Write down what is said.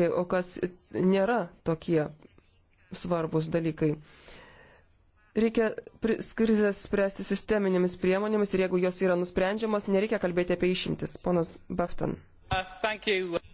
dalykai, o kas nėra tokie svarbus dalykai. Reikia krizės spręsti sisteminėmis priemonėmis ir jeigu jos yra nusprendžiamas, nereikia kalbėti apie išimtis. Ponas Baftan. Uh,